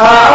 Uh,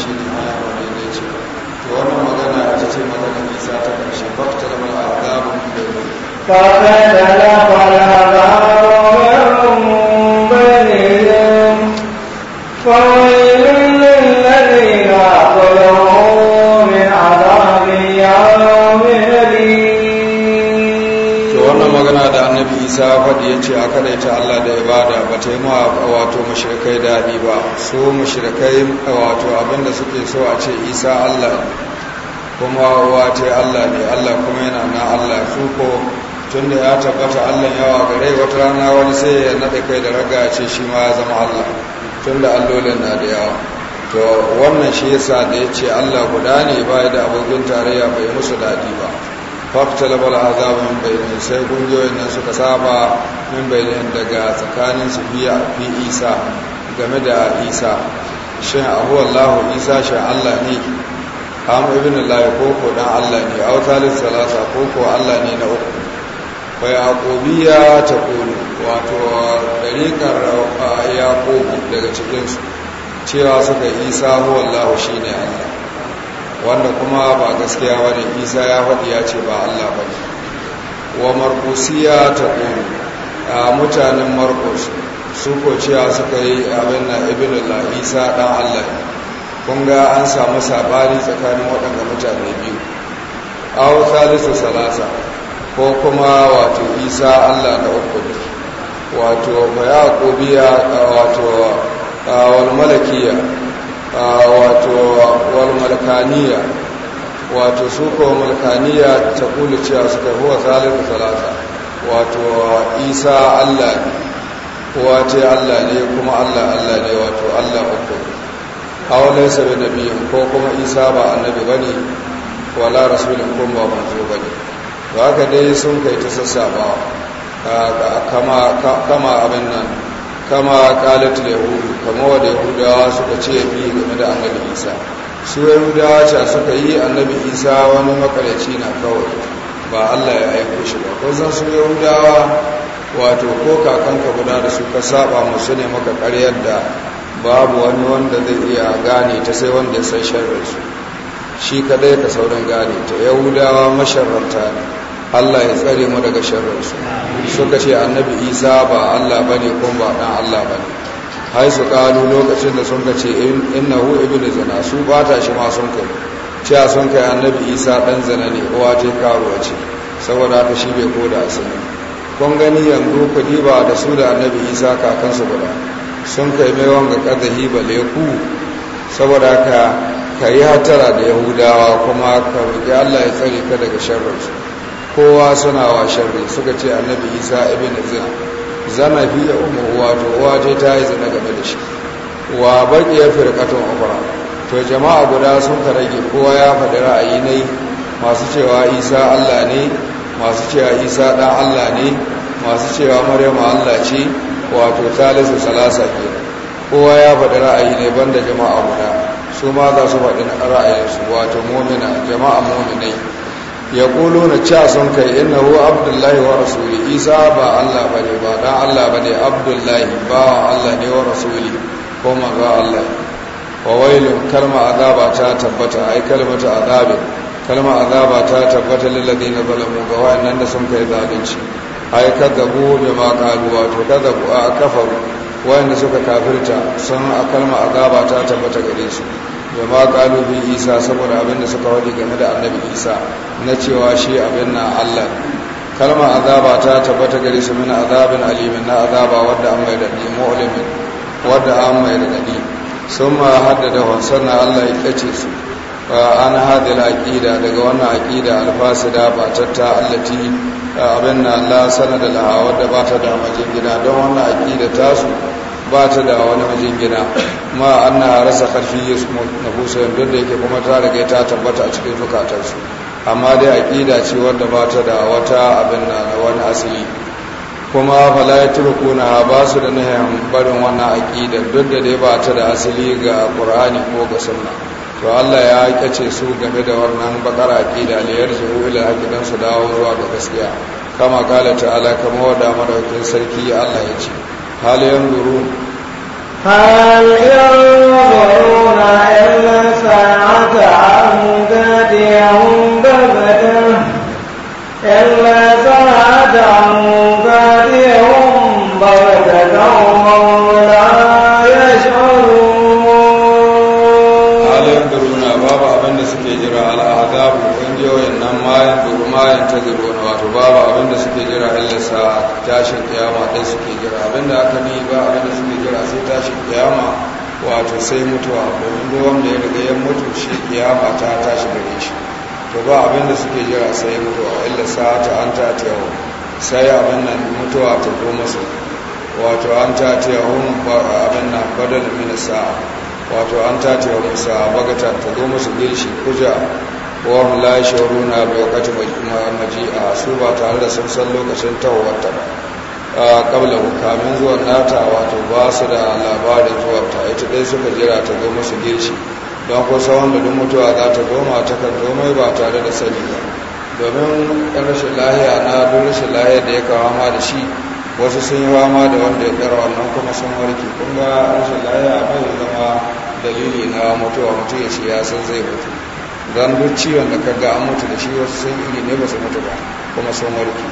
shi ne ala wanda ya to wannan magana magana ta da فَوَيْلٌ لِلَّذِينَ ظَلَمُوا مِنْ عَذَابِ to wannan magana da annabi Isa faɗi yace a kadaita Allah da ibada ba ta yi ma wato mushrikai daɗi ba su mushrikai wanda suke so a ce isa allah ne kuma uwa ce allah ne allah kuma yana na allah su ko tun da ya tabbata allah yawa gare wata rana wani sai ya naɗe kai da raga ce shi ma ya zama allah tun da allolin na da yawa to wannan shi yasa da ya ce allah guda ne ba da abokin tarayya bai musu daɗi ba fakta labar azabu min ne sai ƙungiyoyin nan suka saba min bayanin daga tsakanin su biya fi isa game da isa shin abu Allah isa shi Allah ne am ibn Allah ko ko dan Allah ne a talis salasa ko ko Allah ne na uku fa yaqubiya ta kulu wato ya koko daga cikinsu? cewa suka isa huwa shi ne Allah wanda kuma ba gaskiya bane isa ya faɗi ya ce ba Allah bane wa marqusiya ta a mutanen Markus. su ko cewa suka yi abin na al isa dan allah kun ga an samu sabari tsakanin waɗanda mutane biyu aw salisu salasa ko kuma wato isa allah na uku ne wato bayaqubiya wato wal malakiya wato wal malakaniya wato su ko malakaniya ta kula cewa suka huwa salisu salasa wato isa allah ne kowa ce Allah ne kuma Allah Allah ne wato Allah uku hawalar sabi da biyu ko kuma isa ba annabi ba ne wala rasulun kuma ba manzo ba ne ba haka dai sun kai ta ba kama abin nan kama kalatul yahudu kama wadda yahudawa suka ce bi game da annabi isa su yahudawa ce suka yi annabi isa wani makalaci na kawai ba Allah ya aiko shi ba ko zan su yahudawa wato ko kakanka guda da su ka saba musu ne maka karyar da babu wani wanda zai iya gane ta sai wanda ya san su shi kadai ka saurin gane ta yahudawa masharanta ne Allah ya tsare mu daga sharrin su suka ce annabi Isa ba Allah ba ne, kuma ba na Allah ba ne. hai su Kano lokacin da sun ce innahu ibnu zina su ta shi ma sun kai cewa sun kai annabi Isa ɗan zina ne uwa ce karuwa ce saboda haka shi bai koda asali kun gani yanzu ku diba da su da annabi isa kakansu guda sun kai mai wanga hiba bale ku saboda ka ka yi hatara da yahudawa kuma ka roƙi allah ya tsare ka daga sharrinsu kowa suna wa sharri suka ce annabi isa ibn zina zana fi ya umu wato uwa ce ta yi zina game da shi wa baƙi ya rikatun ukura to jama'a guda sun ka rage kowa ya faɗi ra'ayi yi. masu cewa isa allah ne masu cewa isa ɗan allah ne masu cewa maryama allah ce wato talisu salasa ke kowa ya faɗi ra'ayi ne banda jama'a guda su ma za su faɗi ra'ayinsu wato momina jama'a mominai ya kolo na ca sun kai ina ruwa abdullahi wa rasuli isa ba allah ba ne ba ɗan allah ba ne abdullahi ba allah ne wa rasuli ko maza allah wa wailun kalma azaba ta tabbata ai kalmata azabin kalmar azaba ta tabbata lillazi na zalamu ga wa'annan da sun kai zalunci ai kazzabu da ma to wato kazzabu a kafaru wa'anda suka kafirta sun a kalmar azaba ta tabbata gare su da ma qalu isa saboda abin da suka wadi game da annabi isa na cewa shi abin na Allah kalmar azaba ta tabbata gare su min azabin alimin na azaba wadda an mai dadi mu'limin wadda an mai dadi sun ma haddada na Allah ya kace su an hadil aqida daga wannan aqida alfasida ba tatta allati abin nan la sanada laha wadda ba ta da gida don wannan aqida tasu ba ta da wani gida ma anna rasa kharfi yusmu nabusa don da yake kuma ta rage ta tabbata a cikin su amma dai aqida ce wadda ba ta da wata abin nan wani asali kuma fala ya na ba su da nahin barin wannan aqida duk da dai ba ta da asali ga qur'ani ko ga sunna to Allah ya kace su game da wannan bakar aqida li yarzu ila hakidan su dawo zuwa ga gaskiya kama kala ta'ala kama wada madaukin sarki Allah ya ce hal yanzuru hal yanzuruna illa sa'ata illa sa'ata sai abin nan mutuwa ta koma su wato an ta ce hun abin nan badal min sa'a wato an ta ce hun sa'a bagata ta zo musu ginshi kuja wa hum la yashuruna bi waqti a su ba tare da sun san lokacin tawarta ba kabla kamin zuwa nata wato ba su da labarin zuwa ta ita dai suka jira ta zo musu ginshi don ko sawan da duk mutuwa za ta goma ta kan zo mai ba tare da sani ba domin yan rashin lahiya na duk rashin lahiya da ya kawo ma da shi wasu sun yi wama da wanda ya tsara wannan kuma sun warke kun ga rashin lahiya bai zama dalili na mutuwa mutu ya ce ya san zai mutu don duk ciwon da ka ga an mutu da shi wasu sun iri ne ba su mutu ba kuma sun warke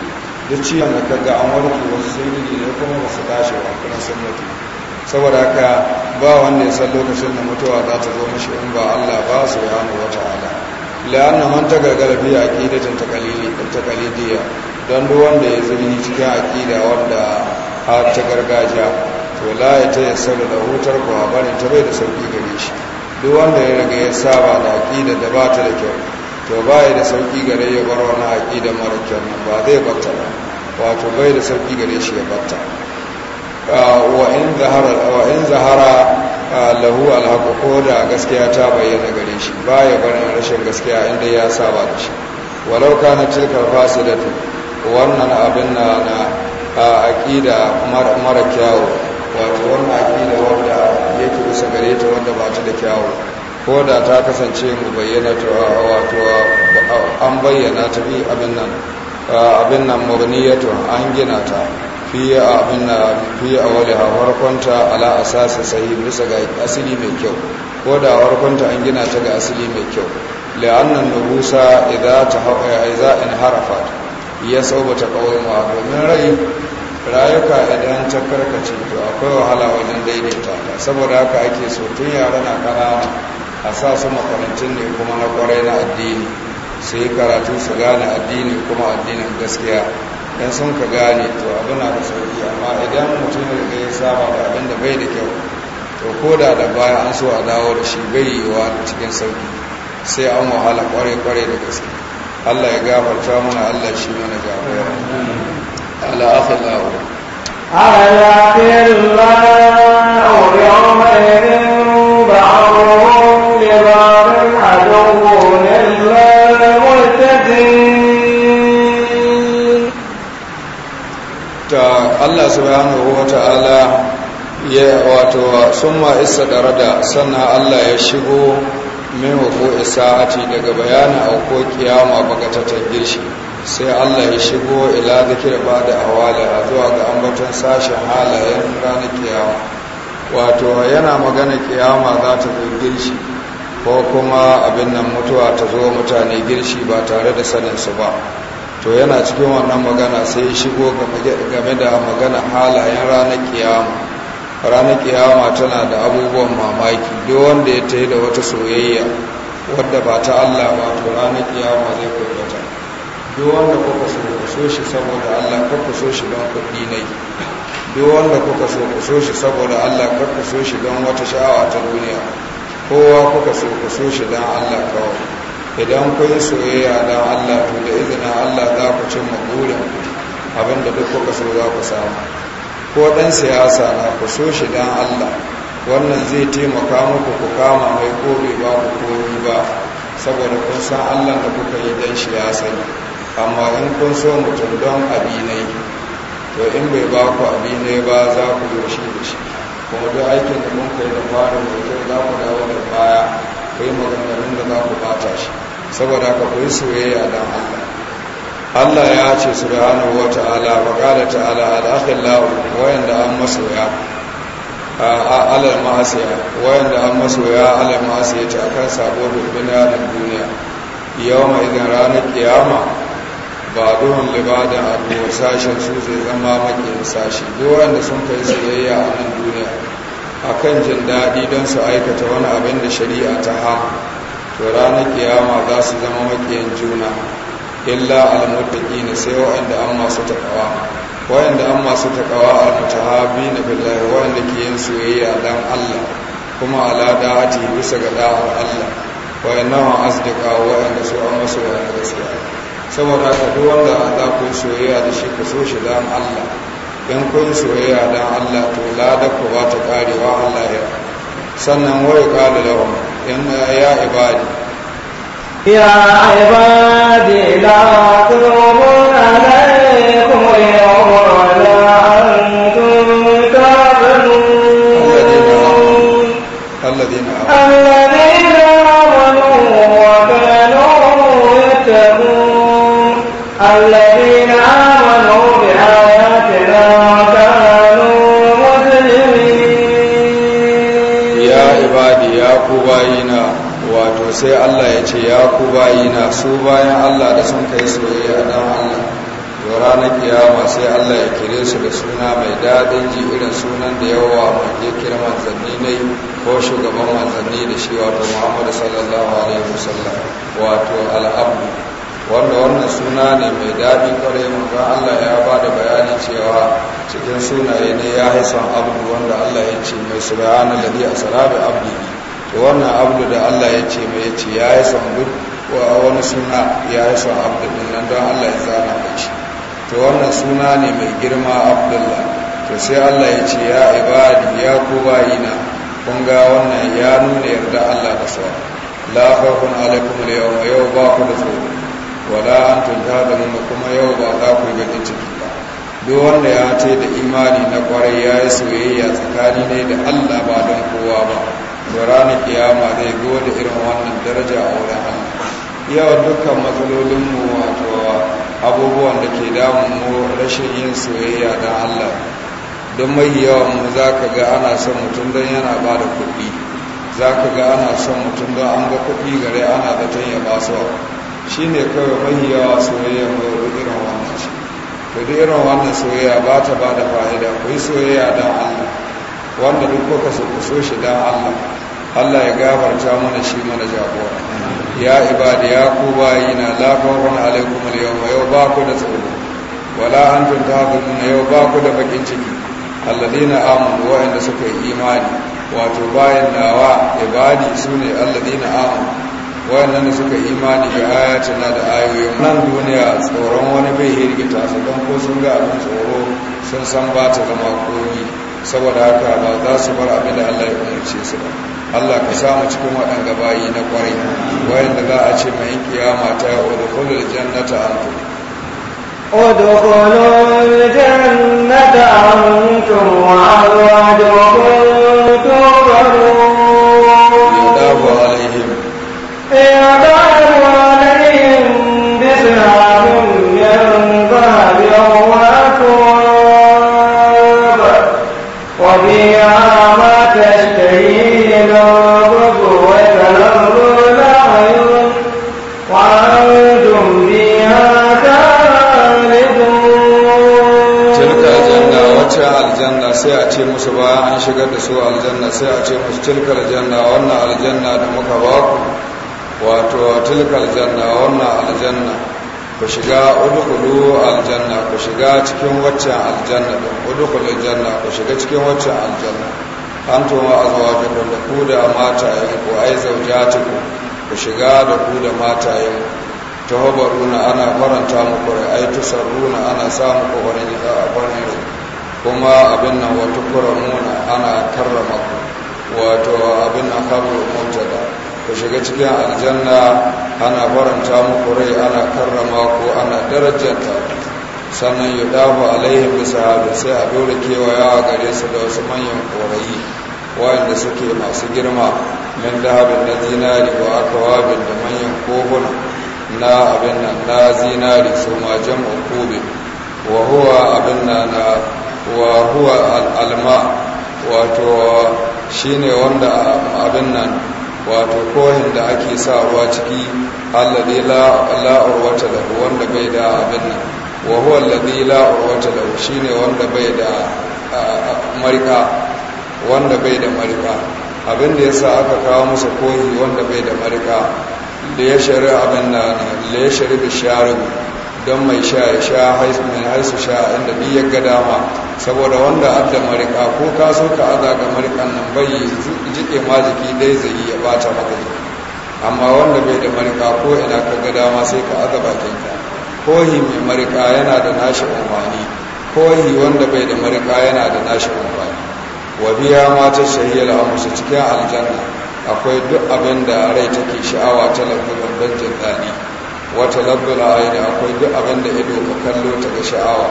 duk ciwon da ka ga an warke wasu sun iri ne kuma ba su tashi ba kuma sun mutu saboda haka ba wanda ya san lokacin da mutuwa za ta zo mashi in ba Allah ba su ya wata ala la'anna man tagargara fi aqidatin taqalidiyya don duk wanda ya zurni cikin aƙida wanda har ta gargajiya to la ya tayassaru da hutar ko bane ta bai da sauƙi gare shi duk wanda ya riga ya saba da aqida da ba ta da kyau to bai da sauƙi gare ya bar wani aƙida mara kyau ba zai batta ba wato bai da sauƙi gare shi ya batta wa wa in zahara lahu alhaku ko da gaskiya ta bayyana gare shi baya barin rashin gaskiya inda ya saba da shi walau kana cikar fasidatu wannan abin na na aƙida mara kyawu wato wannan aƙida wanda yake bisa gare ta wanda ba ta da kyawu ko da ta kasance mu bayyana ta wato an bayyana ta bi abin nan abin nan murniyatu an gina ta fi abin na a wale a warkonta ala sahi bisa ga asili mai kyau ko da warkonta an gina ta ga asili mai kyau la'annan busa idan ta za in harafat ya saubata ma domin rai rayuka idan ta karkace to akwai wahala wajen daidaita ta saboda haka ake so tun yara na kanana a sa su makarantun ne kuma na kwarai na addini su yi karatu su gane addini kuma addinin gaskiya in sun ka gane to na da sauki amma idan mutum da ya saba da abin da bai da kyau to ko da da baya an so a dawo da shi bai yiwa cikin sauki sai an wahala kware-kware da gaske Allah ya gafarta mana Allah shi mana gafara ala akhillahu ala akhillahu yawma idin ba'aruhu Allah subhanahu wa ta'ala ya wato summa isa da sannan Allah ya shigo min isa isa'ati daga bayanin auko kiyama bakatattar girshi sai Allah ya shigo ila zikir ba da awali a zuwa ga ambaton sashen halayen ranar kiyama wato yana magana kiyama za ta zo girshi ko kuma abin nan mutuwa ta zo mutane girshi ba tare da saninsu ba to yana cikin wannan magana sai shigo game da magana halayen ranar kiyama ranar kiyama tana da abubuwan mamaki duk wanda ya ta da wata soyayya wadda ba ta Allah ba to ranar kiyama zai kurbata duk wanda kuka so ku so shi saboda Allah kuka so shi don kuɗi ne duk wanda kuka so ku so shi saboda Allah kuka so shi don wata sha'awa ta duniya kowa kuka so ku so shi don Allah kawai idan kun soyayya don Allah to da izinin Allah za ku cin maburin abinda duk kuka so za ku samu ko ɗan siyasa na ku so shi don Allah wannan zai taimaka muku ku kama mai ko ba ku ba saboda kun san Allah da kuka yi don siyasa amma in kun so mutum don abinai to in bai ba ku abinai ba za ku shi da shi kuma duk aikin da mun kai da fara mutum za ku dawo da baya kai maganganun da za ku bata shi saboda ka kuyi soyayya don Allah Allah ya ce subhanahu wa ta'ala wa qala ta'ala al-akhillahu wayanda an masoya a alal ma'asiya wayanda an masoya alal ma'asiya ta akan sabo dubbina da duniya yawma idan ranar kiyama ba duhun libadan abu sashen su zai zama makin sashi duk wanda sun kai soyayya a nan duniya a kan jin daɗi don su aikata wani abin da shari'a ta ha to ranar kiyama za su zama makiyan juna illa ne sai wa'anda an masu takawa wa'anda an masu takawa na billahi wa'anda ke yin soyayya dan Allah kuma ala da'ati bisa ga da'ar Allah wa asdiqa wa'anda su an masu wa'anda gaskiya saboda ka duk wanda za soyayya da shi ku so shi dan Allah in kun soyayya dan Allah to lada ku ba ta karewa Allah ya sannan wai kala lahum in ya ibadi ya ibadi la tudrumuna alaykum yawma bayina wato sai Allah ya ce ya ku bayina su bayan Allah da sun kai soyayya dan Allah to ranar kiyama sai Allah ya kire su da suna mai daɗin ji irin sunan da yawa mai kira manzanni ne ko shugaban manzanni da shi wato Muhammadu sallallahu alaihi wasallam wato al'abdu wanda wannan suna ne mai daɗi kwarai manzon Allah ya ba da bayani cewa cikin sunaye ne ya haisan abdu wanda Allah ya ce mai subhanallahi asra bi abdihi to wannan abdu da Allah ya ce mai ya ce ya yi son duk wani suna ya yi son abdu nan don Allah ya zana mai shi to wannan suna ne mai girma abdullah to sai Allah ya ce ya ibadi ya ku bayina kun ga wannan ya nuna yarda Allah da sa la khawfun alaikum al-yawma yau ba ku da tsoro wala antum mu kuma yau ba za ku gani ciki ba duk wanda ya ce da imani na kwarai ya yi soyayya tsakani ne da Allah ba don kowa ba da ranar kiyama zai gode irin wannan daraja a wurin Allah yawa dukkan matsalolinmu wato abubuwan da ke damunmu rashin yin soyayya don Allah don mai yawan mu za ka ga ana son mutum don yana ba da kuɗi za ka ga ana son mutum don an ga kuɗi gare ana batun ya ba su shi ne kawai mai yawa soyayya mai irin wannan ce Ka duk irin wannan soyayya ba ta ba da fa'ida ku yi soyayya don Allah wanda duk kuka su ku so shi don Allah Allah ya gafarta mana shi mana jagora ya ibadi ya ku bayina la khawfun alaikum al-yawm yau ba ku da tsoro wala antum tahzanun yau ba ku da bakin ciki alladheena amanu inda suka yi imani wato bayin nawa ibadi sune alladheena amanu wa'anda suka yi imani ga na da ayoyin nan duniya tsoron wani bai hirgita su don ko sun ga abin tsoro sun san ba ta zama koyi saboda haka ba za su bar abin da Allah ya umarce su ba Allah ka samu cikin waɗanda bayi na ƙwarai da za a ce mai kiyama ta udkhulul jannata antum udkhulul jannata antum wa azwajukum aljanna sai a ce musu tilka aljanna wannan aljanna da muka ba ku wato tilka aljanna wannan aljanna ku shiga udkhulu aljanna ku shiga cikin waccan aljanna da udkhulu aljanna ku shiga cikin waccan aljanna antum wa azwajukum da ku da ku ai zawjatuku ku shiga da ku da matayenku tawabaruna ana faranta muku rai ai tusarruna ana samu sa a farin farin kuma abin nan wata kuramuna ana karrama ku wato abin nan kabul mujada ku shiga cikin aljanna ana faranta muku rai ana karrama ku ana darajanta sannan ya dafa alaihim bisa da sai a dole a gare su da wasu manyan korayi wayanda suke masu girma min dahabin na zinari ko aka wabin da manyan kofuna na abin nan na zinari su ma jam'u kubin wa huwa abin nan na wa huwa al'alma wato shi ne wanda abin nan wato kohin da ake sa ruwa ciki alladi la'urwata da wanda bai da abin nan wa huwa alladi la'urwata da shi ne wanda bai da marika wanda bai da marika abin da ya sa aka kawo masa kohi wanda bai da marika da ya shari abin nan da ya shari da don mai sha ya sha mai haisu sha inda biyar ga dama saboda wanda adda marika ko ka so ka aza ga marikan nan bai jike ma jiki dai zai ya bata maka jiki amma wanda bai da marika ko ina ka ga dama sai ka aza bakin bakinka kohi mai marika yana da nashi umarni kohi wanda bai da marika yana da nashi umarni wa biya mata shahiyar amursa cikin aljanna akwai duk abin da rai take sha'awa ta lafi babban jin wata labbal aini akwai duk abin da ido ka kallo ta ga sha'awa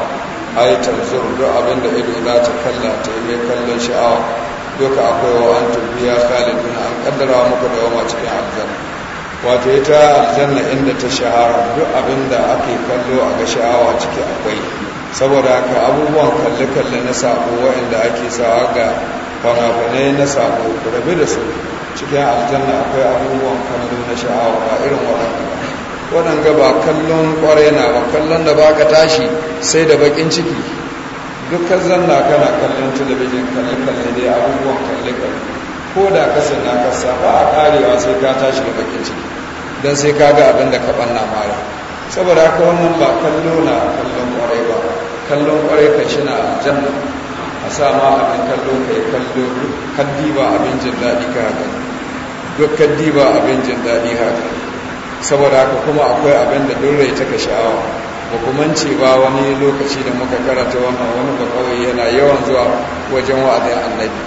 ai tanzur duk abin da ido za ta kalla ta yi mai kallon sha'awa duka akwai wa an tumbiya khaliduna an kaddara muku da wama cikin aljanna wato ita aljanna inda ta shahara duk abin da ake kallo a ga sha'awa ciki akwai saboda haka abubuwan kalle-kalle na sabo waɗanda ake sawa ga fanafanai na sabo rabe da su cikin aljanna akwai abubuwan kallo na sha'awa ba irin waɗanda waɗanga ba kallon ƙwarai na ba kallon da ba ka tashi sai da bakin ciki dukkan zanna kana kallon talabijin kalle-kalle dai abubuwan kalle-kalle ko da kasan na kasa ba a karewa sai ka tashi da bakin ciki don sai ka ga abin da ka ɓanna mara saboda haka wannan ba kallo na kallon ƙwarai ba kallon ƙwarai ka shi na janna a sa ma abin kallo ka yi kallo kaddi ba abin jin daɗi ka haka duk kaddi abin jin daɗi haka saboda haka kuma akwai abin da durrai ta ka sha'awa ba kuma ce ba wani lokaci da muka karata wannan wani ba kawai yana yawan zuwa wajen wa'adin annabi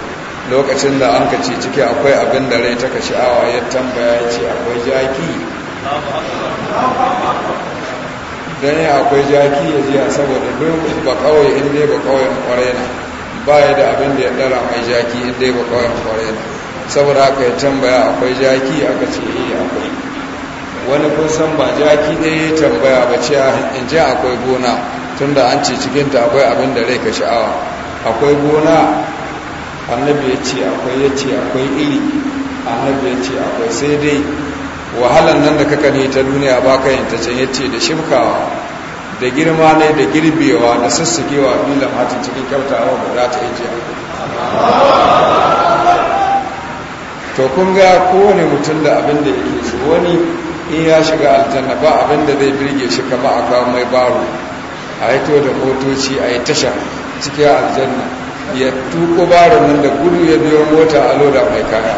lokacin da an kace ciki akwai abin da rai ta ka sha'awa ya tambaya ya ce akwai jaki don ya akwai jaki ya jiya saboda duk ba kawai inda ba kawai kware na ba ya da abin da ya dara mai jaki inda ba kawai kware na saboda haka ya tambaya akwai jaki aka ce iya eh, akwai wani kun san ba jaki ɗaya tambaya ba ce ah, in ji akwai gona tunda an ce ta akwai abin da rai ka sha'awa akwai gona annabi ya ce akwai ya ce akwai iri annabi ya ce akwai sai dai wahalan nan da ka ne ta duniya ba ka yin ta can ya ce da shimkawa da girma ne da girbewa da sassakewa filan hatin cikin kyautawa ba za ta yi jiya to kun ga kowane mutum da abin da yake so wani in ya shiga aljanna ba abinda zai birge shi kama a kawo mai baro a yi to da motoci a yi tasha cikin aljanna ya tuko baro nan da gudu ya biyo mota a loda mai kaya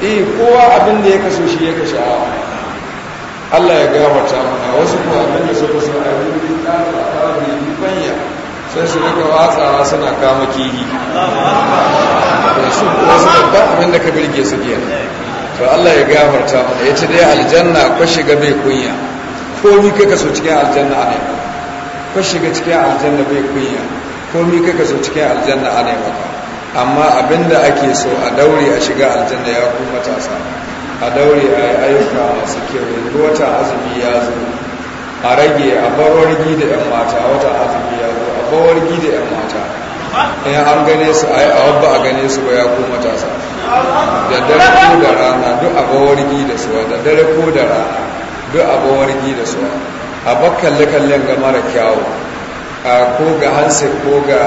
eh kowa abinda ya kaso shi ya kashe awa Allah ya gafarta mana wasu kuwa abinda su suka a yi wuri tsara a kawo banya sai su rika watsawa suna kama kihi da su kuwa su ba abinda ka birge su biyar. to Allah ya gafarta mana ya ce dai aljanna ko shiga bai kunya ko kai kaka so cikin aljanna ne ba ko shiga cikin aljanna bai kunya ko kai kaka so cikin aljanna ne ba amma abinda ake so a daure a shiga aljanna ya ku matasa a daure a yi ayyuka masu kyau yanzu wata azumi ya zo a rage a bawar da 'yan mata wata azumi ya zo a bawar da 'yan mata in an gane su a yi a wabba a gane su ba ya ku matasa da dare ko da rana duk wargi da suwa da dare ko da rana duk wargi da suwa a bakkalle kallen ga mara kyawu ko ga hansu ko ga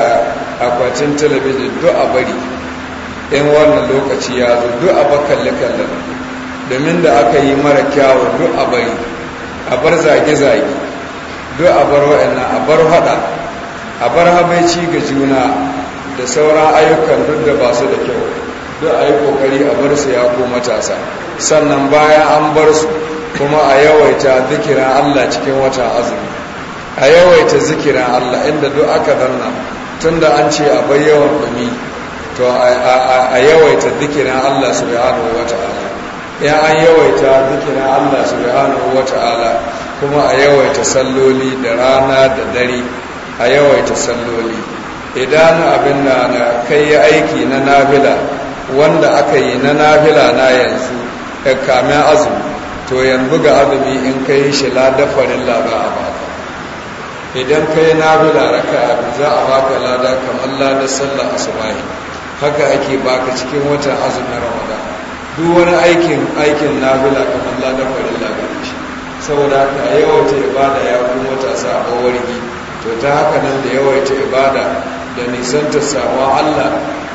akwatin talabijin duk a bari in wannan lokaci ya zo duk a bakkalle kallen domin da aka yi mara kyawu duk a bari a bar zage-zage duk a bar wa'ina a bar hada a bar habaici ga juna da sauran ayyukan duk da ba su da kyau duk a yi kokari a bar su ya ko matasa sannan bayan an bar su kuma a yawaita zikira allah cikin wata azumi a yawaita zikira allah inda duk aka zanna tun da an ce a yawan ɗumi to a yawaita zikira allah su ya wata ala ya an yawaita zikira allah su ya wata ala kuma a yawaita salloli da rana da dare a yawaita salloli idan abin na kai aiki na nabila wanda aka yi na nafila na yanzu kame azu to yanzu ga azumi in ka yi shi ladafarin laba a baka idan ka yi nafila raka abu za a baka lada kamar lada sallar asubahi haka ake baka cikin watan azumin ramadan duk wani aikin aikin nafila kamar ladafarin laba shi saboda haka yawaita ibada ya kuma matasa a bawargi to ta haka nan da yawaita ibada da nisantar sawa Allah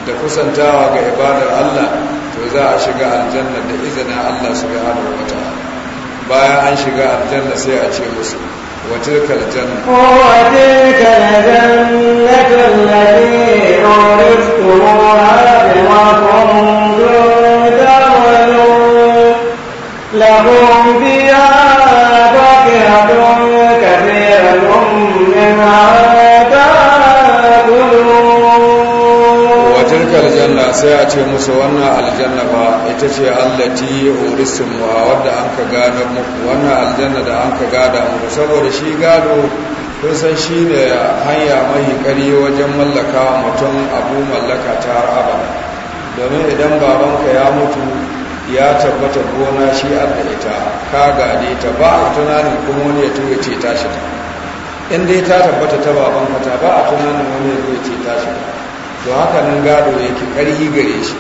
da kusantawa ga ibadar Allah to za a shiga aljanna da izinin Allah su ga hannu wata, bayan an shiga aljanna sai a ce musu wa tilkal janna wa sai a ce musu wannan aljanna ba ita ce allati yi mu a wadda an ka gada muku wannan aljanna da an ka gada muku saboda shi gado kun san shi ne hanya mai kari wajen mallaka mutum abu mallaka ta abada domin idan babanka ya mutu ya tabbata gona shi adda ita ka gade ta ba a tunanin kuma wani ya tuwe ce tashi ta in dai ta tabbata ta babanka ta ba a tunanin wani ya tuwe ce tashi ta to haka nan gado yake ƙarfi gare shi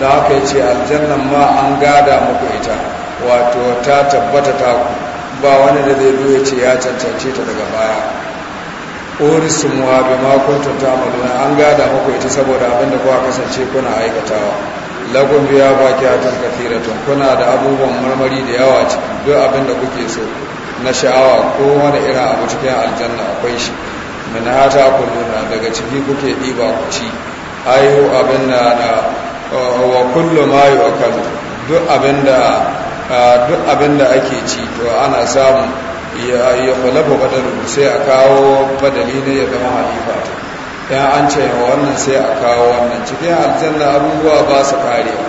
da haka ya ce aljannan ma an gada muku ita wato ta tabbata ta ba wani da zai zo ce ya cancance ta daga baya orisun wa bi makuntun tamaluna an gada muku ita saboda abinda kuka kasance kuna aikatawa lagun biya baki hatun kafiratun kuna da abubuwan marmari da yawa cikin duk abinda kuke so na sha'awa ko wani irin abu cikin aljanna akwai shi min hata kulluna daga ciki kuke diba ku ci ayo abin da na wa kullu ma duk abin da duk ake ci to ana samu ya ya khalafa badalu sai a kawo badali ne ya zama halifa yan an ce wannan sai a kawo wannan cikin aljanna abubuwa ba su karewa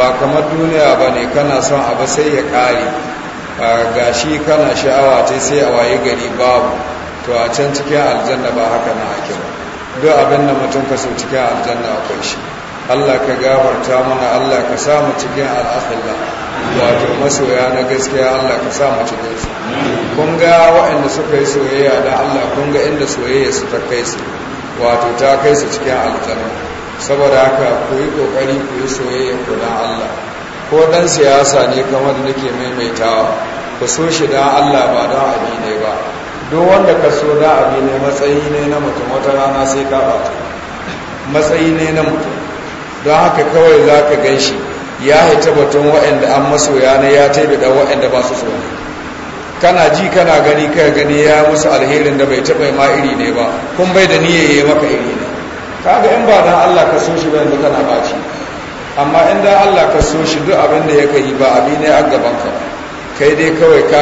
ba kamar duniya ba ne kana son abu sai ya kare gashi kana sha'awa ce sai a waye gari babu to a can cikin aljanna ba haka na ake ba duk abin da mutum ka so cikin aljanna akwai shi Allah ka gafarta mana Allah ka sa mu cikin al'akhilla wato masoya na gaskiya Allah ka sa cikin su kun ga waɗanda suka yi soyayya da Allah kun ga inda soyayya su ta kai su wato ta kai su cikin aljanna saboda haka ku yi kokari ku yi soyayya ku dan Allah ko dan siyasa ne kamar da nake maimaitawa ku so shi dan Allah ba dan abi ne ba duk wanda ka so da abi ne matsayi ne na mutum wata rana sai ka ba matsayi ne na mutum don haka kawai za ka gan shi ya haita batun wa'anda an maso na ya da wa'anda ba su so kana ji kana gani kai gani ya musu alherin da bai taɓa ma iri ne ba kun bai da yi maka iri ne ga in ba dan Allah ka so shi ba yanzu kana baci amma in dan Allah ka so shi duk abin da yake yi ba abi ne a gaban ka kai dai kawai ka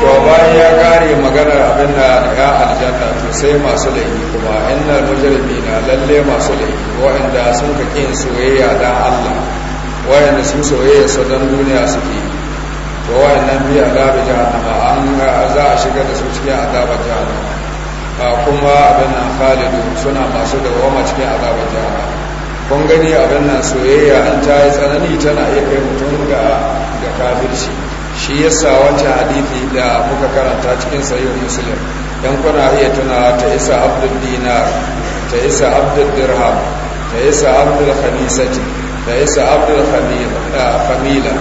to bayan ya kare maganar abin da ya aljanna to sai masu laifi kuma innal na lalle masu laifi wa'anda sun ka kin soyayya dan Allah wa'anda sun soyayya su don duniya suke to wa'annan biya da jahannama an za a shiga da su cikin azabar jahannama kuma abin nan khalidu suna masu dawama cikin azabar jahannam kun gani abin nan soyayya an ta yi tsanani tana iya kai mutum ga ga kafirci shi yasa wancan hadithi da muka karanta cikin sahih muslim dan kuna iya tuna ta isa abdul dinar ta isa abdul dirham ta isa abdul khamisati ta isa abdul khamila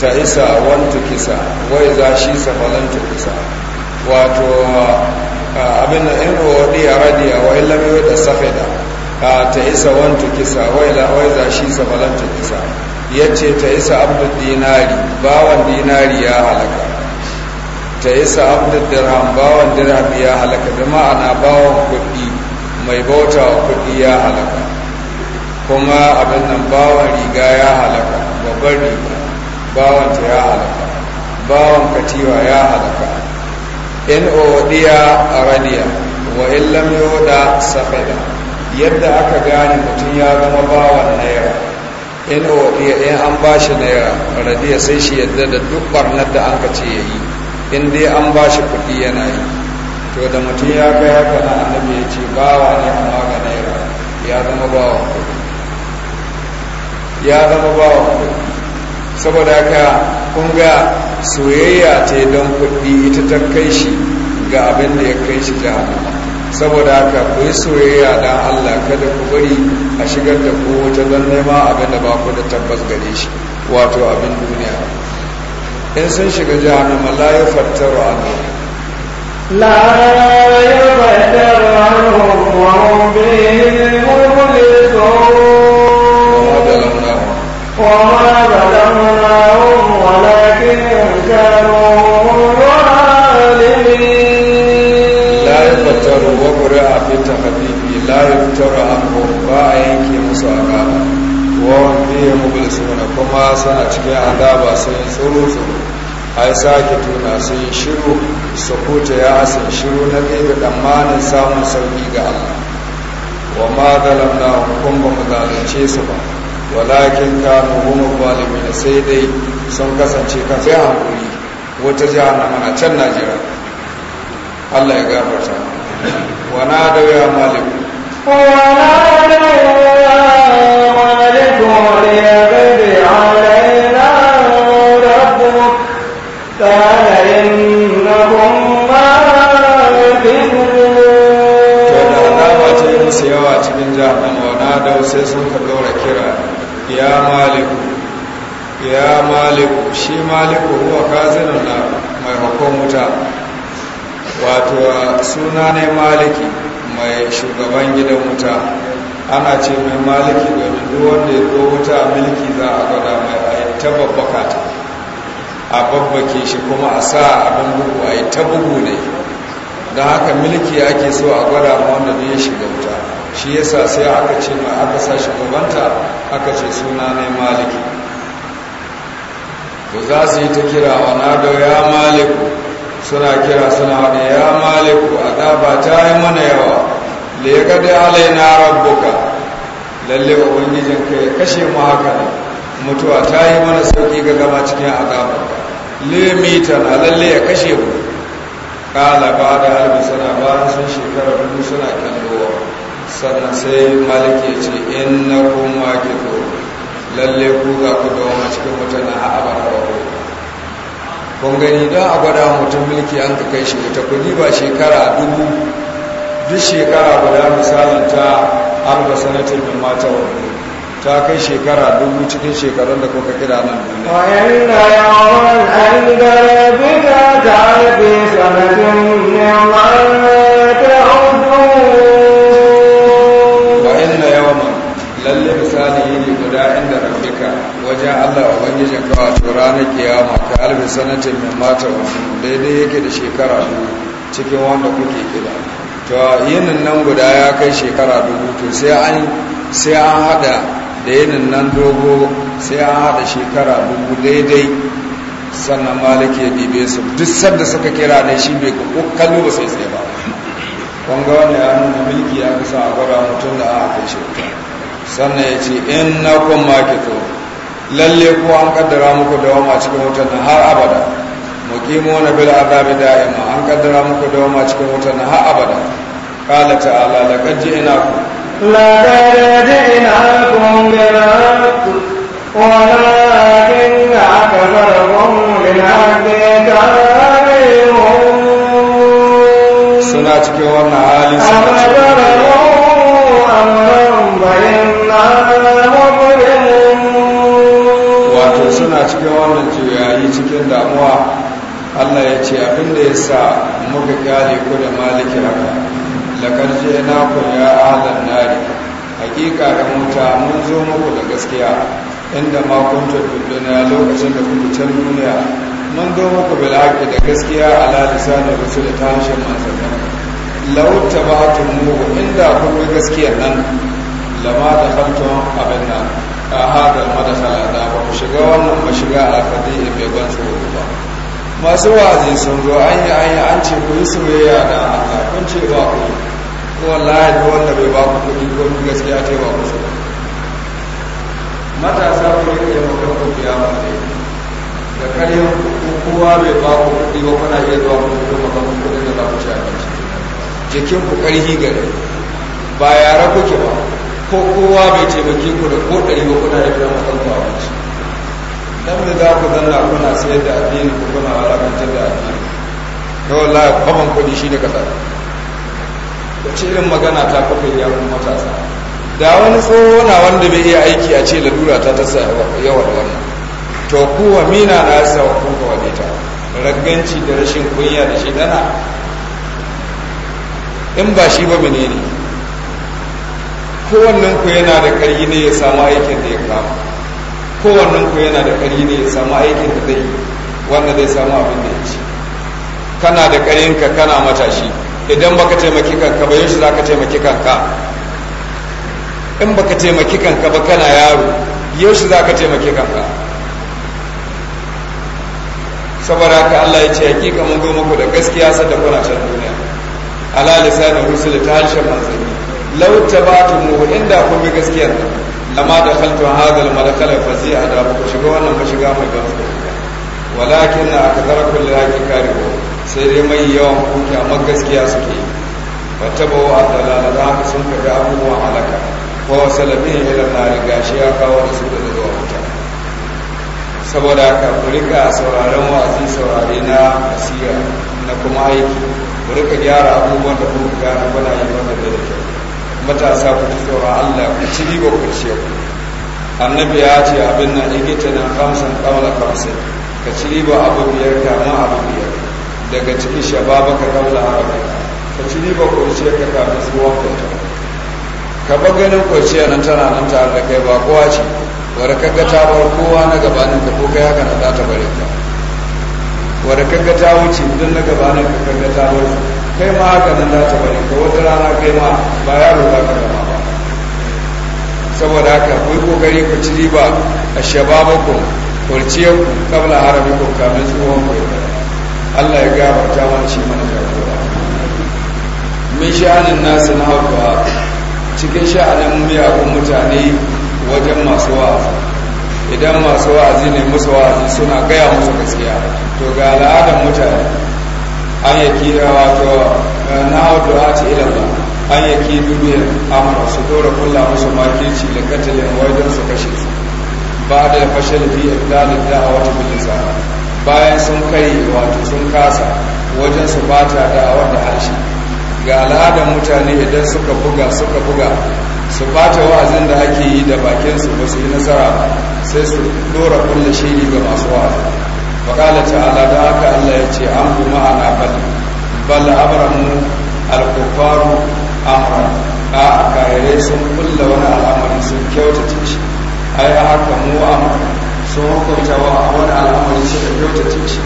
ta isa wantu kisa wai za shi safalantu kisa wato abin da in a ya radiya wa in da safe da ta isa wanta kisa wai ila za shi sabalan ta kisa yace ta isa abdul dinari bawan dinari ya halaka ta isa abdul dirham bawan dirham ya halaka da ma'ana bawan kuɗi mai bauta wa kuɗi ya halaka kuma abin nan bawan riga ya halaka babban riga bawan ta ya halaka bawan katiwa ya halaka in odiya radiya wa in lam yoda safada yadda aka gane mutum ya zama bawan naira in odiya in an bashi naira radiya sai shi yadda da duk barnar da an ka ce ya yi in dai an bashi kuɗi yana yi to da mutum ya kai haka na annabi ya ce bawa ne amma ga naira ya zama bawan kuɗi ya zama bawan saboda haka kun ga soyayya ce don kuɗi ita ta kai shi ga abin da ya kai shi jahannama saboda haka ku yi soyayya dan Allah kada ku bari a shigar da ku wata don nema abin da ba ku da tabbas gare shi wato abin duniya in sun shiga jahannama la ya fattaru wa la ya fattaru anhu wa hum وما ظلمناهم ولكن كانوا ظالمين لا يفتر وقرع في تخفيف لا ba a yanke musu azaba wa biya mubilsuna kuma suna cikin azaba sun yi tsoro tsoro ai sake tuna sun yi shiru su kuta ya asin shiru na ɗaya tsammanin samun sauki ga Allah wa ma na hukum ba mu zalunce su ba walakin kanu hum da sai dai sun kasance kan sai hankuri wata jihar a can najira Allah ya gafarta wa Wana da ya malik wa na da ya malik wa ya Ta alaina rabbuk kana innahum ma yawa cikin jihar wa wana da sai sun ka dora kira ya maliku ya maliku shi maliku huwa kazinun na mai hakon wuta wato suna ne maliki mai shugaban gidan wuta ana ce mai maliki domin duk wanda ya zo wuta mulki za a gwada mai a yi ta babbaka ta a babbake shi kuma a sa abin bugu a yi ta bugu ne don haka milki ake so a gwada ma wanda ya shiga wuta shi yasa sai aka ce ma aka sashi babanta gabanta aka ce suna ne maliki to za su yi ta kira wana oh, da ya maliku suna kira suna wani ya maliku a ba ta yi mana yawa da ya gada na rabbuka lalle ubangijin ka kai kashe mu haka ne mutuwa ta yi mana sauki ga gama cikin azaba limita na lalle ya kashe mu kala ba da halbi suna bayan sun shekara dubu suna kallowa sannan sai maliki ya ce in na kuma kito lalle ku ga ku da wani cikin mutane a abara ba ku kun gani don a gwada mutum mulki an ka kai shi wuta kudi ba shekara dubu duk shekara guda misalin ta arba sanatin min mata wani ta kai shekara dubu cikin shekarun da kuka kira nan duniya. wajen Allah ubangijin ka wato ranar kiyama ta alfi sanatin mai mata wasu daidai yake da shekara dubu cikin wanda kuke kira to yinin nan guda ya kai shekara dubu to sai an hada da yinin nan dogo sai an hada shekara dubu daidai sannan maliki ya dibe su duk sanda suka kira ne shi bai ko kallo ba sai sai ba kun wani an ya nuna mulki ya kusa a gwada mutum da aka kai shi sannan ya ce in na kun makito lalle ko an kaddara muku wama cikin wutar na har abada mukimu na bil azabi da'ima an kaddara muku wama cikin wutar na har abada qala ta'ala laqad ji'nakum la ji'nakum bil haqqi wa lakin akbarum min haqqi suna cikin wannan hali suna cikin wannan hali ana cikin wannan juyayi cikin damuwa Allah ya ce abinda ya sa muka kyale ku da maliki haka lakar je na ku ya ahalar nari hakika da muta mun zo muku da gaskiya inda ma kun lokacin da kuka can duniya mun zo muku bilaki da gaskiya ala lisanin rasul ta harshen manzanni law mu inda kun gaskiyar nan lama da khaltum abin nan a hada madasalata ba ku shiga wannan ba shiga alfadi mai ban tsoro ba masu wazi sun zo an yi an yi an ce ku yi soyayya da Allah kun ce ba ku kuma wallahi da wanda bai ba ku kuɗi ko mu gaskiya ce ba ku ba matasa ku yi da mutum ku biya mu ne da kare ku kowa bai ba ku kuɗi ba kuna iya zuwa ku kuma ba ku kudi da za ku ci abinci jikin ku karhi gari. ba yara kuke ba ko kowa bai taimake ku da ko ɗari ba kuna da biyan matan ku abinci dan da za ku zanna kuna sayar da addini ku kuna alaƙantar da addini ta wallahi kwaman kuɗi shi ne ƙasa wace irin magana ta kafa yawon matasa da wani na wanda bai iya aiki a ce lalura ta tasa yawan wannan to kuwa mina na yasa wa kuka ta ragganci da rashin kunya da shi dana in ba shi ba menene ne kowannen ku yana da ƙarfi ne ya samu aikin da ya kama kowannen ku yana da ƙarfi ne ya samu aikin da zai wanda zai samu abin da ya ci kana da ƙarinka kana matashi idan baka taimaki kanka ba yaushe zaka taimaki kanka in baka taimaki kanka ba kana yaro yaushe zaka taimaki kanka saboda haka Allah ya ce hakika mun zo muku da gaskiya sadda kuna can duniya ala lisanin rusul ta harshen manzanni law tabatumu inda kun bi gaskiyar amma da khaltu hadal malakal fasi'a da ku shiga wannan ba shiga mai gamsu walakin na akthara kullu hakikari sai dai mai yawan kuke amma gaskiya suke wattabawu adalala da haka sun kafi abubuwan halaka wa wasala bihi ila nari gashi ya kawo da su da zuwa wuta saboda haka ku rika sauraron wa'azi saurare na basira na kuma aiki ku rika gyara abubuwan da kuka gane kuna yi wanda da kyau matasa ku tsoron Allah ku ci riba ku ci yau annabi ya ce abin nan igita na kamsan kawla kamsin ka ci riba abu biyar ka ma abu biyar daga cikin shababa ka kawla arabai ka ci riba ku ci yau ka kama zuwan ka ka ba ganin kwanciya nan tana nan tare da kai ba kowa ce wadda kaga ta bar kowa na gabanin ka ko kai haka na za ta bare ka wadda kaga ta wuce duk na gabanin ka kaga ta bar kai ma haka nan za ta bari ka wata rana kai ma ba yaro za ka zama ba saboda haka ku yi kokari ku ci riba a shababanku kurciyar ku kabla harami ku kamin tsohon ku Allah ya ta mana shi mana jagora min sha'anin nasu na haƙuwa cikin sha'anin miyagun mutane wajen masu wa'azi idan masu wa'azi ne musu wa'azi suna gaya musu gaskiya to ga al'adar mutane an yaki da wato eh, na haudu a ce ilalla an yaki dubiyar amara su dora kulla musu makirci da katilin wajen su kashe su ba da fashil fi ibdalin da a wata bilisa bayan sun kai wato sun kasa wajen su ta da a wanda harshe ga al'adar mutane idan suka buga suka buga su ta wazin da ake yi da bakinsu ba su yi nasara ba sai su dora kulla shiri ga masu wazin faƙala ta'ala da haka Allah ya ce an bu ma'ana bal bal abramu al-kufaru amra a kayare sun kulla wani al'amari sun kyautace shi ai a haka mu amra sun hukunta wa wani al'amari kyauta kyautace shi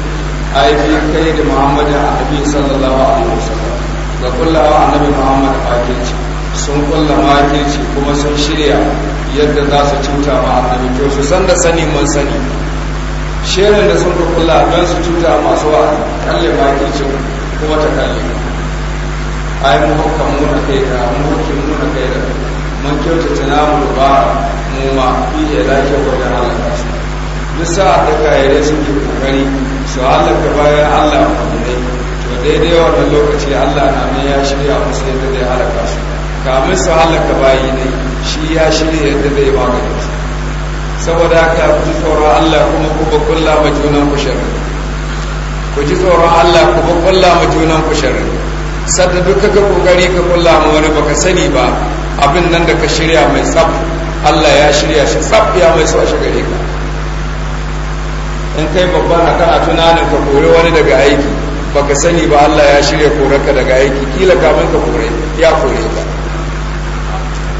ai fi kai da muhammadin annabi sallallahu alaihi wasallam ga kullawa annabi muhammad fakirci sun kulla makirci kuma sun shirya yadda za su cuta ma annabi to su san da sani mun sani shirin da sun kula don su cuta masu wa kalle makicin kuma ta kalle ai yi muhakkan muna kai da muhakkin muna kai da mun kyautata namu ba mu ma fi da lafiya wajen halaka su duk sa'a da kayayyar ke kokari su halaka bayan allah kwanai to daidai wannan lokaci allah na nan ya shirya musu yadda zai halaka su kamin su halaka bayi ne shi ya shirya yadda zai magana saboda haka ku ji tsoron Allah kuma ku ba kulla ma junan ku sharri ku ji tsoron Allah ku ba kulla ma junan ku sharri sadda duk ka kokari ka kulla ma wani baka sani ba abin nan da ka shirya mai tsaf Allah ya shirya shi tsaf ya mai so shi gare ka in kai babba na kana tunanin ka kore wani daga aiki baka sani ba Allah ya shirya kore ka daga aiki kila kafin ka kore ya kore ka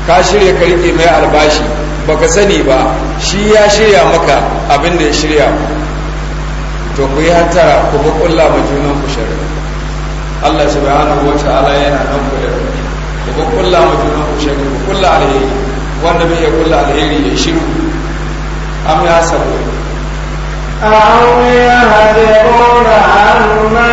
ka shirya ka rike mai albashi baka sani ba shi ya shirya maka abin da ya shirya to ku yi hantara ku bi kulla ma junan ku sharri Allah subhanahu wata'ala yana nan ku da ku bi kulla ma junan ku sharri ku kulla alheri wanda bai kulla alheri ya shiru am ya sabu أو يهدرون عما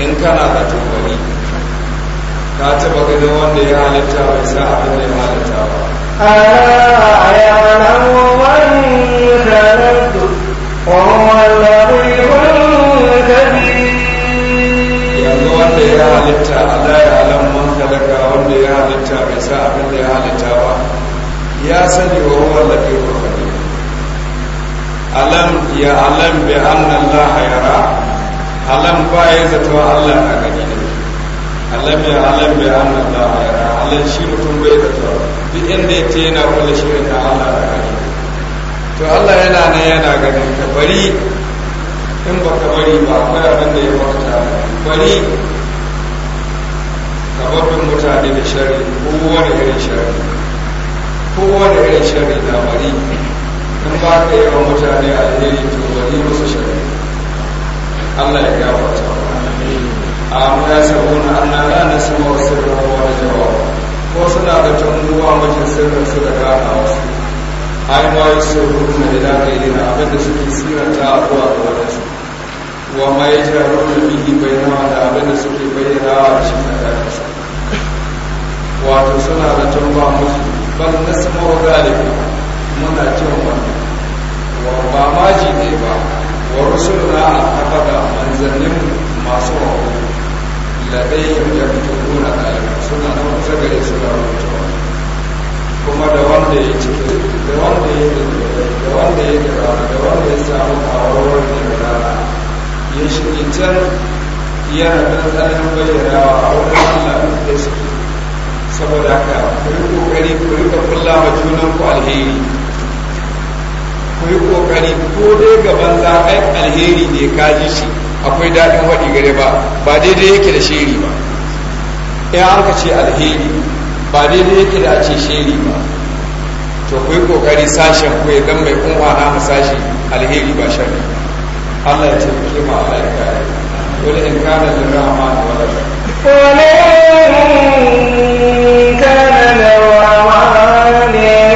in kana da tubari ka taba ganin wanda ya halitta bai sa abin da ya halitta ba ala ayalan wani karatu yanzu wanda ya halitta ala ya alam man kalaka wanda ya halitta bai sa abin da ya halitta ba ya sani wa huwa lafi wa alam ya alam bi anna allaha yara alam ba ya zato Allah a gani ne alam ya alam bai amma da yara alam shi mutum bai zato duk inda ya ce yana kula ne na Allah na gani to Allah yana nan yana ganin ka bari in ba ka bari ba akwai abin da ya bauta bari ka babban mutane da shari kowane irin shari kowane irin shari na bari in ba ka yawan mutane alheri to bari musu shari Allah ya gafarta amma ya na sabuna anna la nasma sirra wa najwa ko suna da tunduwa mutum sirrin su da gana wasu ai ma yusirruna ila ghayrina abinda suke siranta a zuwa ga wadansu wa ma yajruna bihi bainahum da abinda suke bayyana a cikin kansu wato suna da tunduwa mutum bal nasma wa ghalib muna cewa wa ba maji ne ba wa rusulna annabaka manzannin masu wawo ladayhim yaktubuna alayhi suna nan kusa gare su da kuma da wanda ya ci da wanda ya da wanda ya da da wanda ya samu kawarwar da ya rana ya shige can yana da tsarin bayyana a wurin Allah da suke saboda haka ku yi kokari ku rika kulla ma junan ku alheri ku yi kokari ko dai gaban banza ai alheri ne ka ji shi akwai daɗin waɗi gare ba ba daidai yake da sheri ba in an ka ce alheri ba daidai yake da a ce sheri ba to ku yi kokari sashen ku ya dan mai na ma sashi alheri ba shari Allah ya taimake ma Allah ya kare wani in kana lirrahman wala wala in kana ne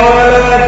wala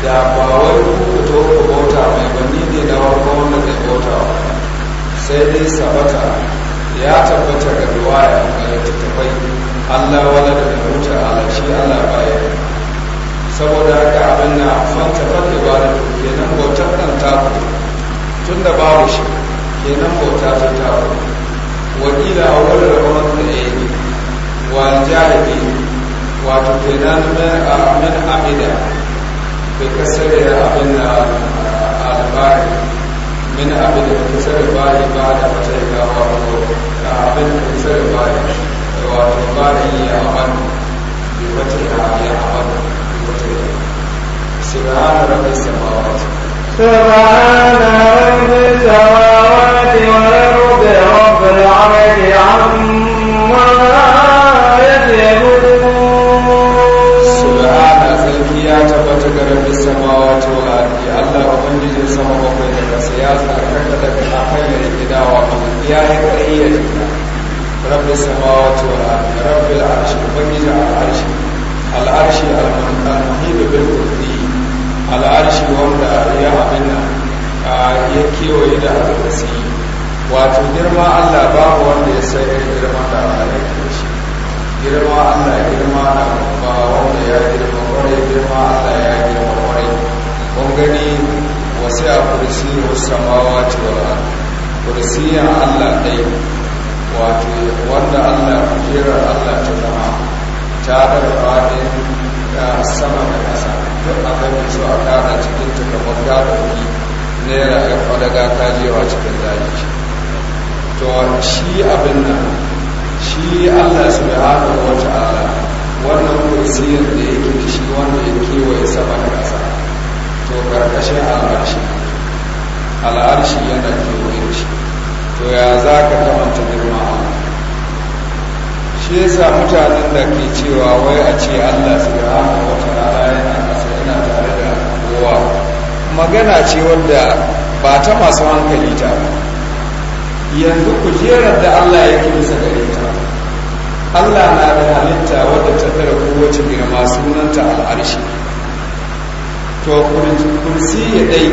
da ba wai ku to ku bauta mai banni ne da warkon wanda zai bauta sai dai sabata ya tabbata ga riwaya ga littattafai Allah wala da mutu ala shi Allah baya saboda haka abin na fanta ba da kenan bauta nan ta tun da babu shi kenan bauta ta ta wakila a wani rabon da ya yi wa jahili wato kenan amin amida ah, بكسر أبن الباري من أبن بكسر الباري بعد فتحك وأبن بكسر الباري والباري يأمن بفتحها يأمن بفتحها سبحان رب السماوات سبحان رب السماوات والأرض رب العرش عما يصفون ya tabbata ga rabbi samawati wal ardi Allah ubangijin sama bakwai da kasa ya tsarkaka daga hanyar gidawa ya yi ƙayyar rabbi samawati wal ardi rabbi al arshi ubangijin al arshi al arshi al muhim bil qudri al arshi wanda ya abinna ya kewaye da alƙasi wato girma Allah babu wanda ya sai girma da Allah girma Allah ya girma na ba wanda ya girma kwarai girma Allah ya girma kwarai kun gani wasu a kursi samawa cewa kursiyan Allah ɗai wato wanda Allah kujerar Allah ta zama ta daga faɗin da sama da ƙasa duk a gani su a ƙara cikin ta kamar gaɓoɓi naira ya fadaga kajewa cikin daji to shi abin nan shi allah subhanahu wa ta'ala wannan kursiyar da ya da shi wanda ya kewaye sama da ƙasa to ƙarƙashin al'arshi al'arshi yana kewaye shi to ya za ka kamanta girma shi yasa mutanen da ke cewa wai a ce allah subhanahu wa ta'ala yana ƙasa yana tare da kowa magana ce wadda ba ta masu hankali ta ba yanzu kujerar da allah yake bisa gari Allah na da halitta wadda ta tara kowace girma sunanta al'arshi to kursi ya dai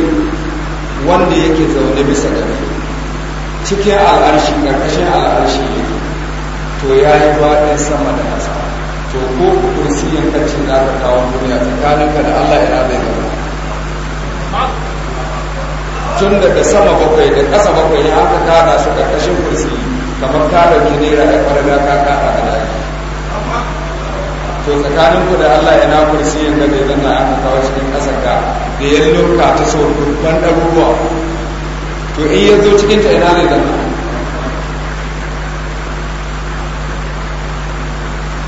wanda yake zaune bisa gari cikin al'arshi ƙarƙashin al'arshi ne to ya yi baɗin sama da ƙasa to ko kursi ya kacce na ka kawo duniya tsakaninka da Allah ya zai gaba tun daga sama bakwai da ƙasa bakwai ya haka kada su ƙarƙashin kursi kamar ka dauki da ya farga ka kada a daji to tsakanin ku da Allah yana kursi yanda bai zanna aka kawo cikin kasar ka da ya lukka ta so dubban abubuwa to in ya zo cikin ta ina ne zanna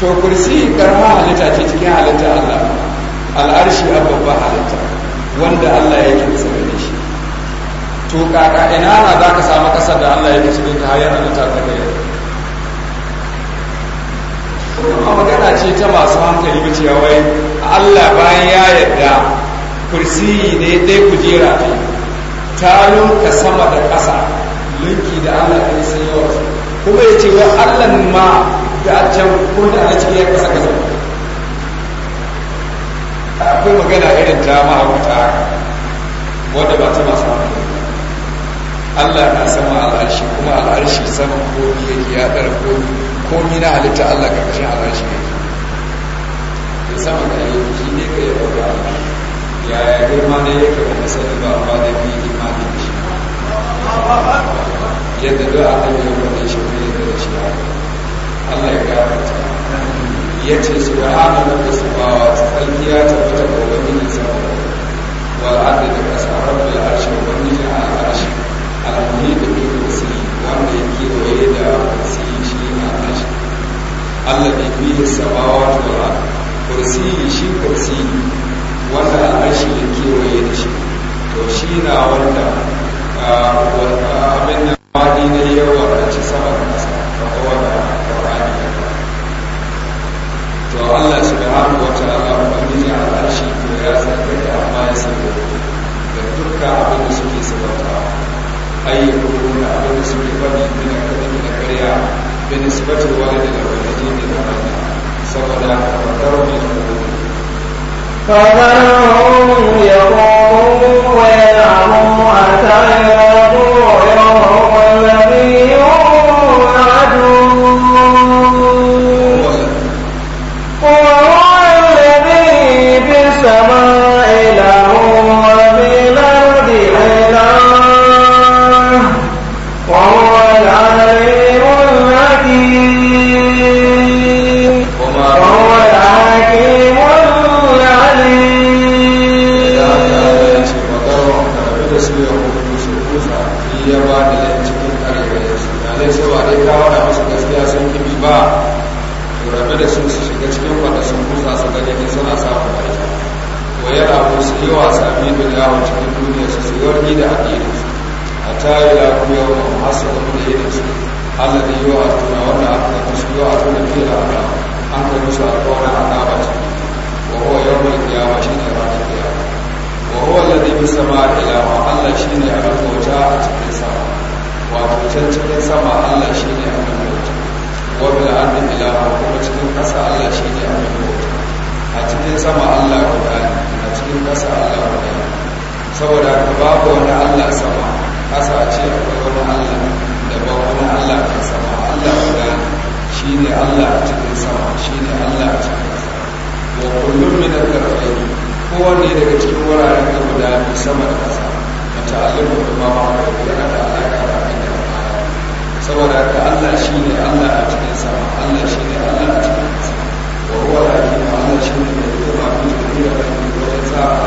to kursi karma halitta ce cikin halitta Allah al'arshi a babban halitta wanda Allah ya ke tsira to kaka ina na za ka samu kasar da Allah ya musu ta hayar halitta ta gaya kuma magana ce ta masu hankali ba cewa wai Allah bayan ya yarda kursi ne dai kujera ne ta nuka sama da ƙasa linki da Allah ya sai yawa kuma ya ce wa Allah ma da a can ko da a cikin ya kasa kasa akwai magana irin ta mahaukata wadda ba ta masu hankali Allah na sama al'arshi kuma al'arshi saman komi yake ya ɗara komi komi na halitta Allah ƙarƙashin al'arshi yake da sama da yi shi ne ka yi ɗauka ya yaya girma ne yake ba sani ba amma da bi ma da shi yadda duk a kan yi wani shi ne yadda da shi Allah ya ta ya ce su ba hana da kasu bawa tsalkiya ta wata ga wani ne sama wal'adda da kasa rabbul arshi wani ne a arshi alhamdi da fi kursi wanda ya kewaye da kursi shi na tashi allah da fi wa tura kursi shi kursi wanda al'arshi ya kewaye da shi to shi na wanda abin da wani na yawa a ci sama da kasa ta kowa da ƙwarani to allah subhanahu wa ta'ala ubangiji al'arshi ko ya tsarkaka batul walidi da walidi ne da saboda karbar mai tsoro daga cikin wuraren da guda sama da ƙasa a ta'alimu da ma ba da yana da alaƙa da abin da ba saboda ka Allah shi ne Allah a cikin sama Allah shi ne Allah a cikin ƙasa wa huwa da ke ma Allah shi ne mai ba fi da da kan wajen tsara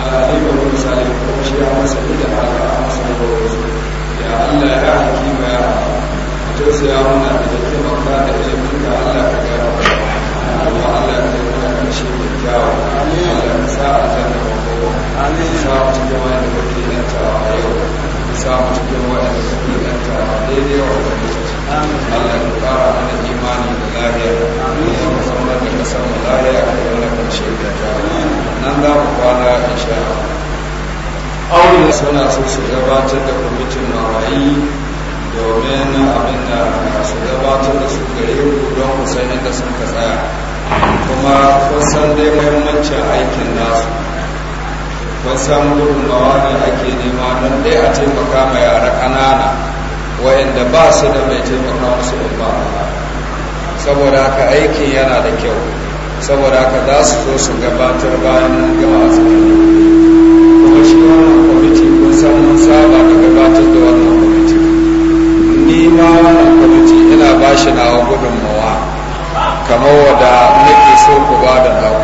alalibar misali ko shi ya masa da haka a masa da wasu ya Allah ya hakima ya ya mana da ba da ilimin da Allah ka ba Allah ka ƙarshe mai kyawu Allah ka sa a janna sa cikin wani da kake yanta a yau sa cikin wani da kake yanta a daidai wa wani Allah mana imani da lafiya kuma ka san wanda ka san lafiya ka nan za mu kwana Allah suna so su gabatar da kwamitin domin abin da su gabatar da su gare ku don ku san inda sun ka tsaya kuma kusan dai muhimmancin aikin nasu kusan gudunmawa ne ake nema don dai a taimaka mai yara ƙanana wayanda ba su da mai taimaka musu in ba saboda haka aikin yana da kyau saboda haka za su zo su gabatar bayan gama azumi kuma shi wannan kwamiti kun san mun saba da gabatar da wannan kwamiti ni ma wannan kwamiti ina ba shi nawa gudunmawa kamar wadda nake so ku ba da naku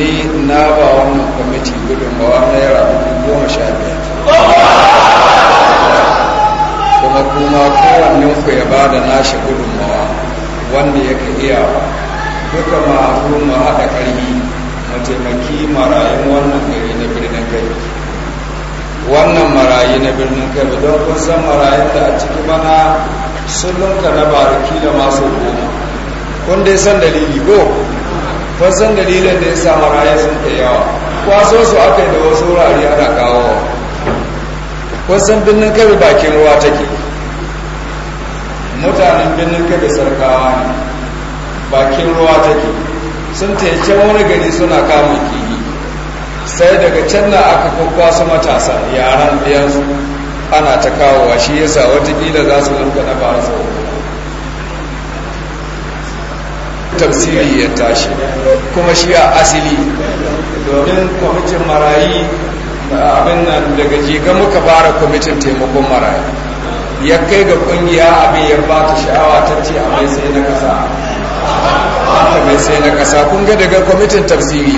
ni na ba wannan kwamiti gudunmawa naira dubu goma sha biyar kuma kuma kowanne ku ya ba da nashi gudunmawa wanda ya ka iya duka ma'azu mu haɗa ƙarfi mu taimaki marayun wannan gari na birnin kai wannan marayi na birnin kai don kun san marayun da a ciki bana sun lunka na bariki da masu goma kun dai san dalili ko kun san dalilin da ya sa maraya sun kai yawa kwaso su aka yi da wasu wurare ana kawo kun san birnin kabe bakin ruwa take mutanen birnin kabe sarkawa ne bakin ruwa take sun taice wani gari suna kama kiri sai daga can na aka kwakwasu matasa yaran su ana ta kawowa shi yasa watakila za su rinka na fara tsawo tafsiri ya tashi kuma shi a asili domin kwamitin marayi abin nan daga jiga muka fara kwamitin taimakon marayi ya kai ga kungiya abin ya ba ta sha'awa ta ce a mai sai na kasa a mai sai na kasa kun ga daga kwamitin tafsiri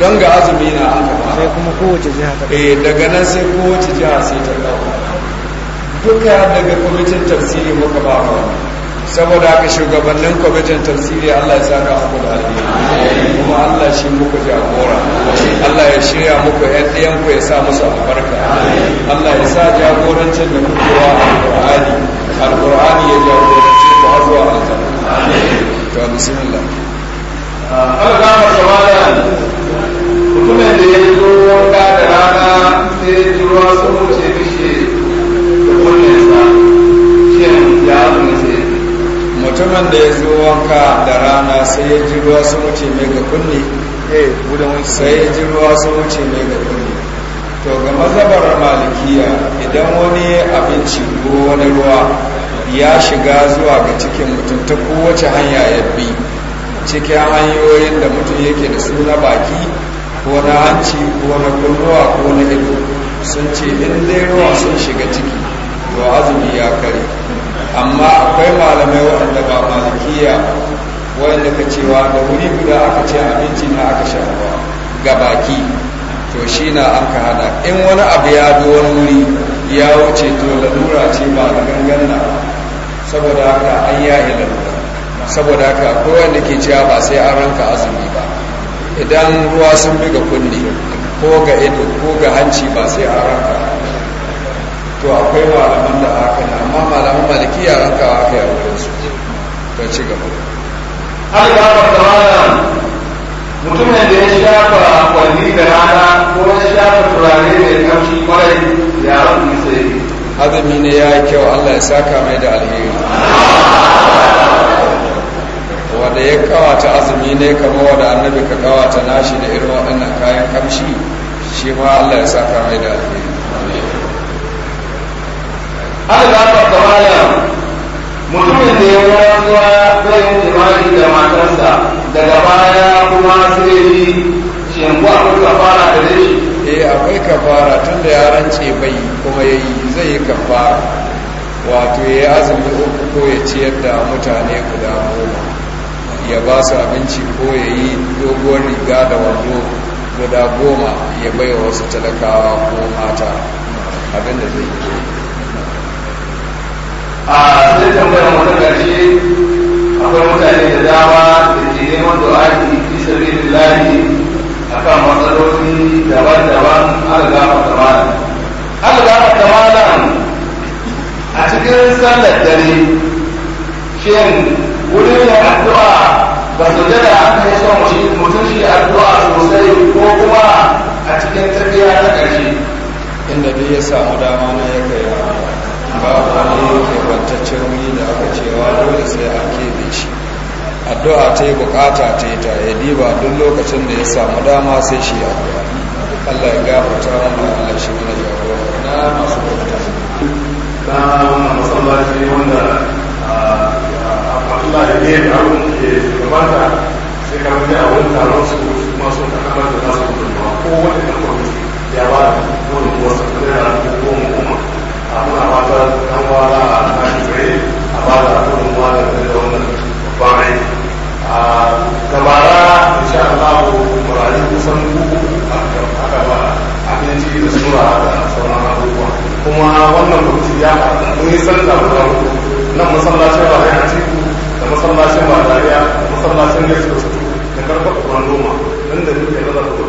don ga azumi na an kafa sai kuma kowace jiha ta eh, daga nan sai kowace jiha sai ta kawo duka daga kwamitin tafsiri muka ba mu saboda haka shugabannin kwamitin tafsiri Allah ya saka muku da alheri kuma Allah shi muku jagora Allah ya shirya muku ƴan ɗiyanku ya sa musu albarka Allah ya sa jagorancin da kuke wa alƙur'ani alƙur'ani ya jagorance ku har zuwa alƙur'ani to bismillah ah, aka gama samadan mutumin da ya zo wanka da rana sai ya ji ruwa sun wuce mishi da kullum sa shin ya amince mutumin da ya zo wanka da rana sai ya ji ruwa sun wuce mai ga kunni eh, sai ya ji ruwa sun wuce mai ga kunni to ga mazabar malikiya idan wani abinci ko wani ruwa ya shiga zuwa ga cikin mutum ta kowace hanya ya bi cikin hanyoyin da mutum yake da su na baki ko na hanci ko na kunnuwa ko na ido sun ce in dai ruwa sun shiga ciki to azumi ya kare amma akwai malamai waɗanda ba malikiya wanda ka cewa da wuri guda aka ce abinci na aka sha ga baki to shi na an ka hada in wani abu ya zo wani wuri ya wuce to lalura ce ba da gangan na saboda haka an yi lalura saboda haka akwai wanda ke cewa ba sai an ranka azumi ba idan ruwa sun bi ga kunne ko ga ido ko ga hanci ba sai an ranka to akwai malaman da haka ne amma malaman malikiya rankawa aka yi a wurin su to ci gaba alƙawar da wannan mutumin da ya shafa kwanni da rana ko ya shafa turare mai kamshi kwarai ya rubu sai azumi ne ya yi kyau allah ya saka mai da alheri wanda ya kawata azumi ne kama wanda annabi ka kawata nashi da irin waɗannan kayan kamshi shi ma allah ya saka mai da alheri algafar da malam mutumin da ya rantsuwa zai yi jima'i da matarsa daga baya kuma sai yi shin ko akwai kafara da dai eh akwai kafara tunda ya rance bai kuma yayi zai yi kafara wato ya yi azumi uku ko ya ciyar da mutane guda goma ya ba su abinci ko ya yi doguwar riga da wando guda goma ya bai wasu talakawa ko mata abinda zai yi a zai tambayar wani gashi akwai mutane da dama da ke neman du'a'i fi sabilillahi akan matsaloli daban-daban algama kamala algama kamala a cikin sallar dare shin wurin da addu'a ba su da aka yi son shi mutum shi addu'a sosai ko kuma a cikin tafiya ta ƙarshe inda dai ya samu dama na ya kai babu wani kebantaccen wuri da aka cewa dole sai a keɓe shi addu'a ta yi bukata ta yi ta ya diba duk lokacin da ya samu dama sai shi ya addu'a Allah ya gafarta mana Allah shi mana jagora na masu bauta na wannan masallaci wanda Allah ya ne da abun ke gabata sai ka mutu a wani taron su masu da kamar da nasu gudunmawa ko wani kamar ya ba da wani wasu kudin muna fatan a kan jure a ba da da a gabara insha Allah murayi kusan uku da sura da kuma wannan kwamiti ya faɗa mun yi sallah masallacin ba da masallacin dariya da masallacin da suka da karfafa ruwan noma nan da duk da